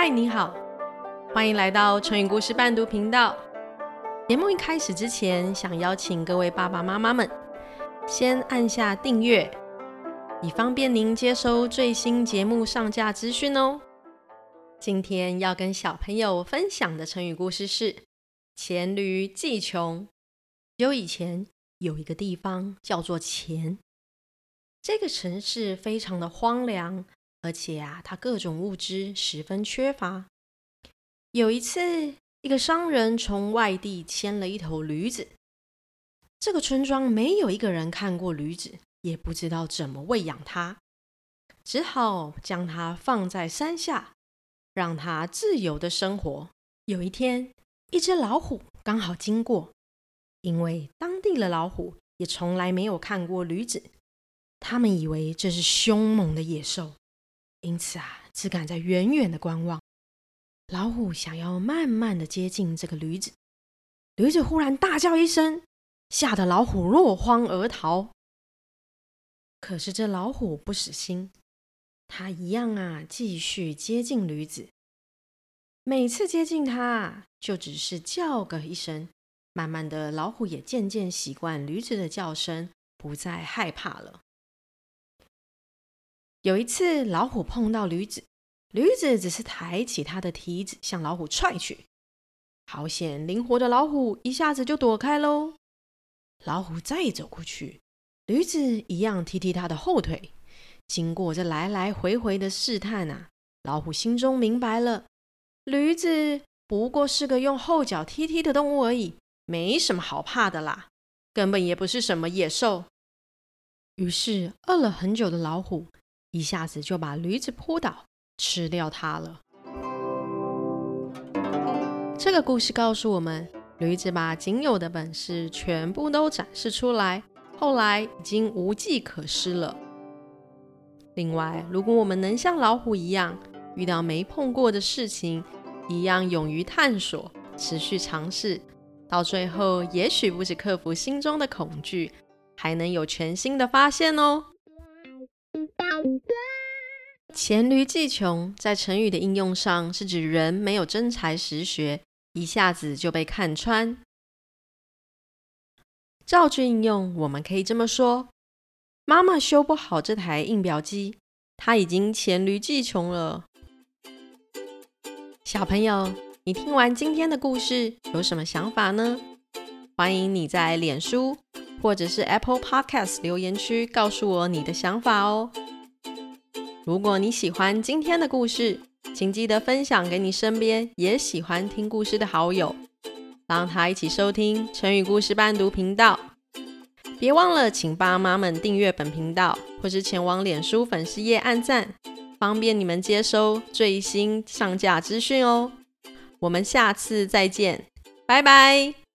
嗨，你好！歡迎來到成語故事伴讀頻道。節目一開始之前，想邀請各位爸爸媽媽們先按下訂閱，以方便您接收最新節目上架資訊哦。今天要跟小朋友分享的成語故事是“黔驢技窮”。很久以前，有一個地方叫做黔，這個城市非常的荒涼。而且啊，他各種物資十分缺乏。有一次，一個商人從外地牽了一頭驢子，這個村莊沒有一個人看過驢子，也不知道怎麼餵養它，只好將它放在山下，讓它自由的生活。有一天，一只老虎剛好經過，因為當地的老虎也從來沒有看過驢子，他們以為這是兇猛的野獸。因此啊，只敢在遠遠的觀望。老虎想要慢慢的接近這個驢子，驢子忽然大叫一聲，嚇得老虎落荒而逃。可是這老虎不死心，它一樣啊，繼續接近驢子。每次接近它，就只是叫個一聲。慢慢的，老虎也漸漸習慣驢子的叫聲，不再害怕了。有一次，老虎碰到驢子，驢子只是抬起它的蹄子向老虎踹去，好險！靈活的老虎一下子就躲開嘍。老虎再走過去，驢子一樣踢踢它的後腿。經過這來來回回的試探吶、啊，老虎心中明白了：驢子不過是個用後腳踢踢的動物而已，沒什麼好怕的啦，根本也不是什麼野獸。於是，餓了很久的老虎。一下子就把驢子撲倒，吃掉它了。這個故事告訴我們，驢子把僅有的本事全部都展示出來，後來已經無計可施了。另外，如果我們能像老虎一樣，遇到沒碰過的事情，一樣勇於探索、持續嘗試，到最後，也許不止克服心中的恐懼，還能有全新的發現哦。黔驢技窮，在成語的應用上是指人沒有真才實學，一下子就被看穿。造句應用，我們可以這麼說：“媽媽修不好這台印表機，她已經黔驢技窮了。”小朋友，你聽完今天的故事有什麼想法呢？歡迎你在臉書或者是 Apple Podcast 留言區告訴我你的想法哦。如果你喜歡今天的故事，請記得分享給你身邊也喜歡聽故事的好友，讓他一起收聽成語故事伴讀頻道。別忘了請爸媽們訂閱本頻道，或是前往臉書粉絲頁按讚，方便你們接收最新上架資訊哦。我們下次再見，拜拜。